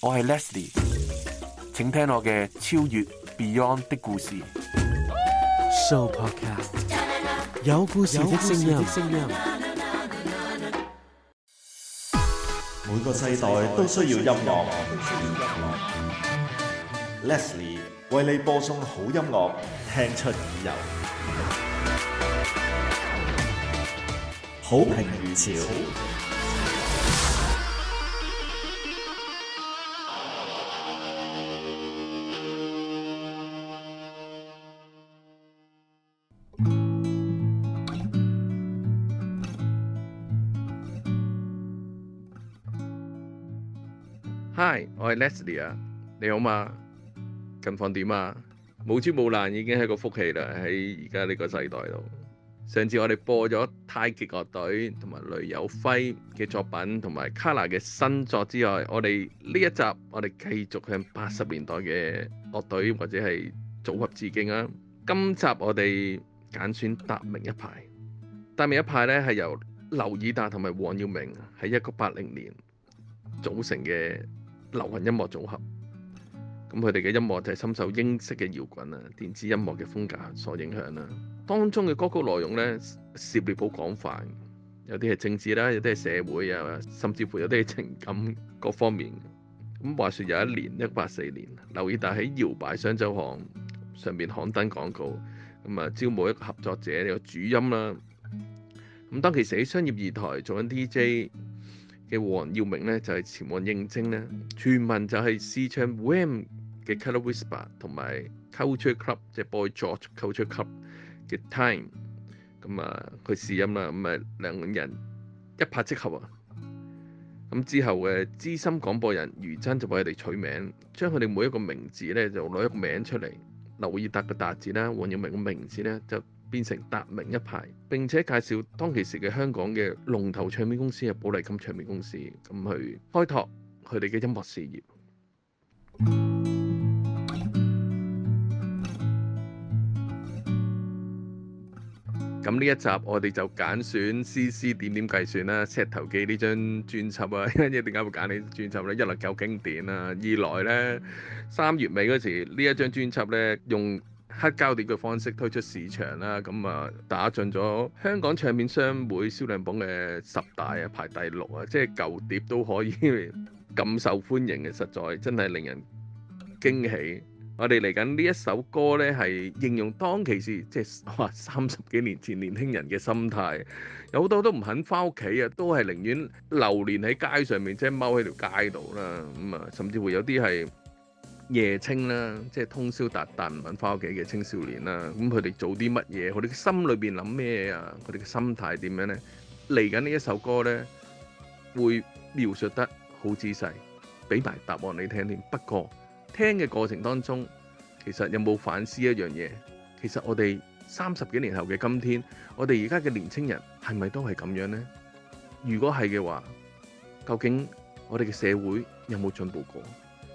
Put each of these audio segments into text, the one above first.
我係 Leslie，請聽我嘅超越 Beyond 的故事。Show podcast 有故事的聲音。每個世代都需要音樂。Leslie 為你播送好音樂，聽出耳油，好評如潮。Hi, 我係 Leslie 啊，你好嘛？近況點啊？冇災冇難已經係個福氣啦。喺而家呢個世代度，上次我哋播咗太極樂隊同埋雷有輝嘅作品，同埋卡拉嘅新作之外，我哋呢一集我哋繼續向八十年代嘅樂隊或者係組合致敬啊。今集我哋揀選達明一派。達明一派咧係由劉以達同埋黃耀明喺一九八零年組成嘅。流行音樂組合，咁佢哋嘅音樂就係深受英式嘅搖滾啊、電子音樂嘅風格所影響啦。當中嘅歌曲內容咧涉獵好廣泛，有啲係政治啦，有啲係社會啊，甚至乎有啲係情感各方面。咁話説有一年一八四年，劉以達喺搖擺雙週刊上邊刊登廣告，咁啊招募一個合作者，有、這個、主音啦。咁當其時喺商業二台做緊 DJ。嘅黃耀明咧就係、是、前往應徵咧，傳聞就係試唱 Wham 嘅 Colour Whisper 同埋 Culture Club 嘅 Boy George Culture Club 嘅 Time，咁啊佢試音啦，咁啊兩個人一拍即合啊，咁之後嘅資深廣播人余真就為佢哋取名，將佢哋每一個名字咧就攞一個名出嚟，劉以達嘅達字啦，黃耀明嘅名字咧就，變成達明一派，並且介紹當其時嘅香港嘅龍頭唱片公司嘅寶麗金唱片公司，咁去開拓佢哋嘅音樂事業。咁呢 一集我哋就揀選絲絲點點計算啦，石頭記呢張專輯啊， 為輯一點解會揀呢張專輯咧？一來夠經典啦，二來咧，三月尾嗰時呢一張專輯咧用。黑膠碟嘅方式推出市場啦，咁啊打進咗香港唱片商會銷量榜嘅十大啊，排第六啊，即係舊碟都可以咁受歡迎嘅，實在真係令人驚喜。我哋嚟緊呢一首歌咧，係應用當其時，即係話三十幾年前年輕人嘅心態，有好多都唔肯返屋企啊，都係寧願流連喺街上面，即係踎喺條街度啦。咁啊，甚至會有啲係夜青啦，即係通宵達旦唔肯翻屋企嘅青少年啦。咁佢哋做啲乜嘢？佢哋嘅心裏邊諗咩啊？佢哋嘅心態點樣咧？嚟緊呢一首歌咧，會描述得好仔細，俾埋答案你聽添。不過聽嘅過程當中，其實有冇反思一樣嘢？其實我哋三十幾年後嘅今天，我哋而家嘅年青人係咪都係咁樣咧？如果係嘅話，究竟我哋嘅社會有冇進步過？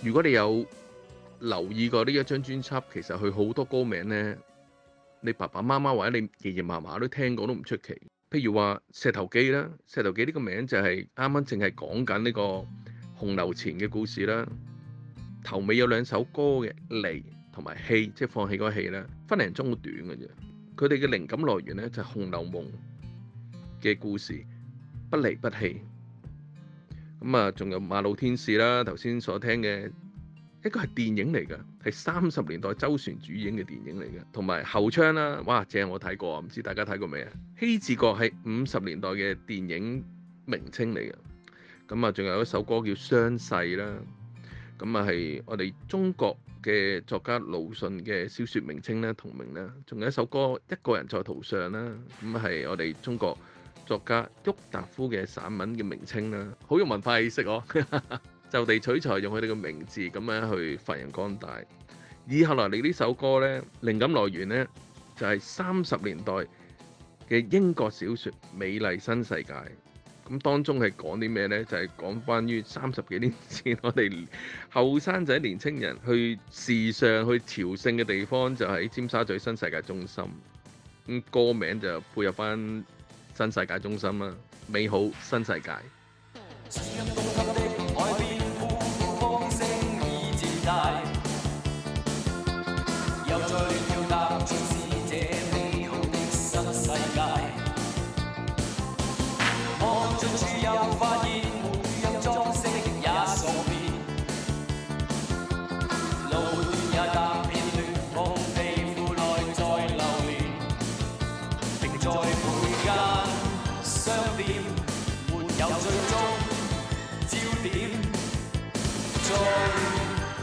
如果你有留意過呢一張專輯，其實佢好多歌名咧，你爸爸媽媽或者你爺爺嫲嫲都聽過都唔出奇。譬如話《石頭記》啦，《石頭記》呢個名就係啱啱淨係講緊呢個《紅樓前》嘅故事啦。頭尾有兩首歌嘅離同埋棄，即係放棄嗰個棄啦。分零鐘好短嘅啫，佢哋嘅靈感來源咧就係《紅樓夢》嘅故事，不離不棄。咁啊，仲有《馬路天使》啦，頭先所聽嘅一個係電影嚟嘅，係三十年代周旋主演嘅電影嚟嘅，同埋《後窗》啦，哇，正係我睇過啊，唔知大家睇過未啊？《希治閣》係五十年代嘅電影名稱嚟嘅，咁啊，仲有一首歌叫《傷逝》啦，咁啊係我哋中國嘅作家魯迅嘅小説名稱咧同名啦。仲有一首歌《一個人在途上》啦，咁係我哋中國。作家郁達夫嘅散文嘅名稱啦，好有文化氣息哦。就地取材，用佢哋嘅名字咁樣去發揚光大。以後來你呢首歌咧，靈感來源咧就係三十年代嘅英國小説《美麗新世界》。咁當中係講啲咩咧？就係講關於三十幾年前我哋後生仔年青人去時尚去朝聖嘅地方，就喺尖沙咀新世界中心。咁歌名就配合翻。新世界中心啊，美好新世界。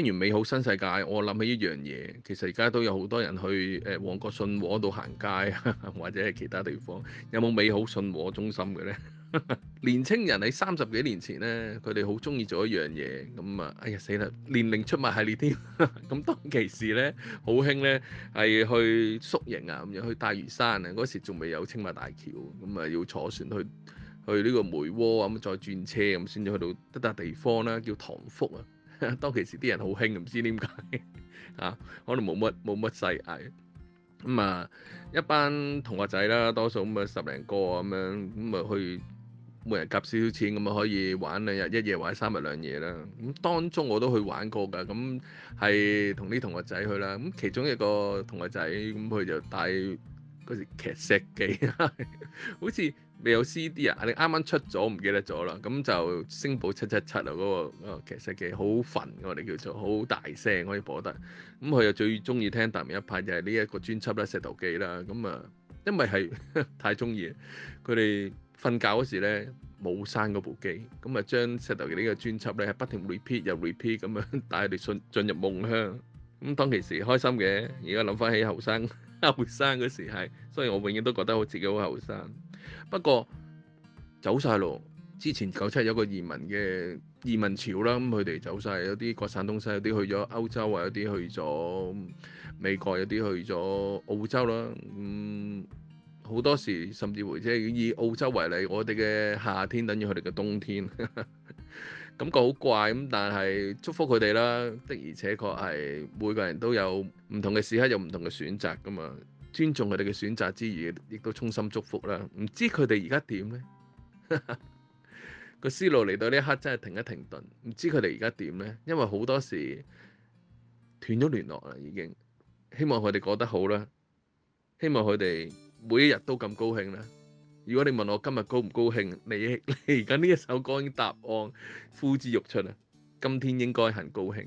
聽完美好新世界，我諗起一樣嘢，其實而家都有好多人去誒旺角信和度行街啊，或者係其他地方，有冇美好信和中心嘅咧？年青人喺三十幾年前咧，佢哋好中意做一樣嘢，咁啊，哎呀死啦，年齡出賣系列添。咁當其時咧，好興咧，係去宿營啊，咁樣去大嶼山啊，嗰時仲未有青馬大橋，咁啊要坐船去去呢個梅窩咁再轉車咁先至去到一笪地方啦，叫唐福啊。當其時啲人好興，唔知點解啊？可能冇乜冇乜世藝，誒咁啊一班同學仔啦，多數咁啊十零個咁樣，咁啊去每人夾少少錢，咁啊可以玩兩日，一夜玩三日兩夜啦。咁當中我都去玩過㗎，咁係同啲同學仔去啦。咁其中一個同學仔，咁佢就帶嗰時劇石機， 好似～未有 C.D. 啊！你啱啱出咗，唔記得咗啦。咁就星寶七七七啊，嗰個嗰個《石頭記》好憤，我哋叫做好大聲可以播得。咁佢又最中意聽達明一派，就係呢一個專輯啦，《石頭記》啦。咁啊，因為係太中意，佢哋瞓覺嗰時咧冇閂嗰部機，咁啊將《石頭記》呢個專輯咧係不停 repeat 又 repeat 咁樣帶佢哋進入夢鄉。咁當其時開心嘅，而家諗翻起後生後生嗰時係，所以我永遠都覺得我自己好後生。不過走晒路，之前九七有個移民嘅移民潮啦，咁佢哋走晒有啲各散東西，有啲去咗歐洲啊，有啲去咗美國，有啲去咗澳洲啦。咁、嗯、好多時甚至乎即係以澳洲為例，我哋嘅夏天等於佢哋嘅冬天，感覺好怪。咁但係祝福佢哋啦，的而且確係每個人都有唔同嘅時刻，有唔同嘅選擇㗎嘛。尊重佢哋嘅選擇之餘，亦都衷心祝福啦。唔知佢哋而家點呢？個思路嚟到呢一刻真係停一停頓。唔知佢哋而家點呢？因為好多時斷咗聯絡啦，已經。希望佢哋過得好啦。希望佢哋每一日都咁高興啦。如果你問我今日高唔高興，你你而家呢一首歌嘅答案呼之欲出啊！今天應該很高興。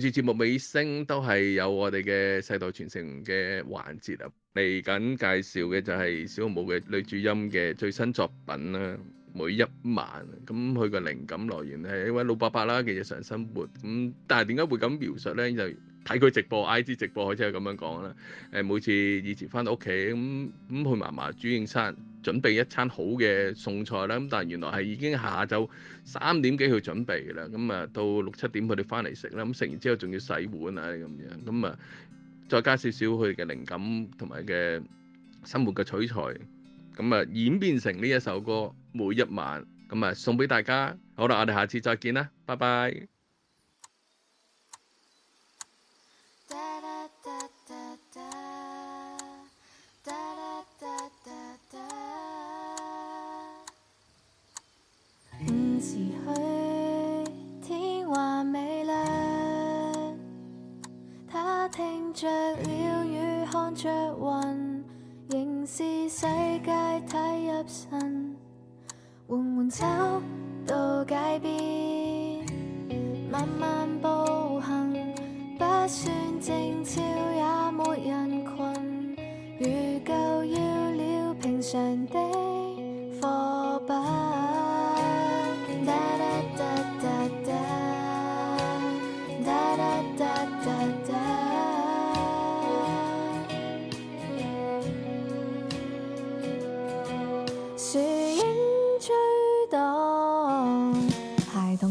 住節目尾聲都係有我哋嘅世代傳承嘅環節啊，嚟緊介紹嘅就係小紅帽嘅女主音嘅最新作品啦。每一晚咁佢個靈感來源係一位老伯伯啦嘅日常生活咁，但係點解會咁描述咧就？睇佢直播，IG 直播，佢即係咁樣講啦。誒，每次以前翻到屋企咁咁，去嫲嫲煮完餐，準備一餐好嘅餸菜啦。咁但係原來係已經下晝三點幾去準備啦。咁啊，到六七點佢哋翻嚟食啦。咁食完之後仲要洗碗啊咁樣。咁啊，再加少少佢嘅靈感同埋嘅生活嘅取材，咁啊演變成呢一首歌，每一晚咁啊送俾大家。好啦，我哋下次再見啦，拜拜。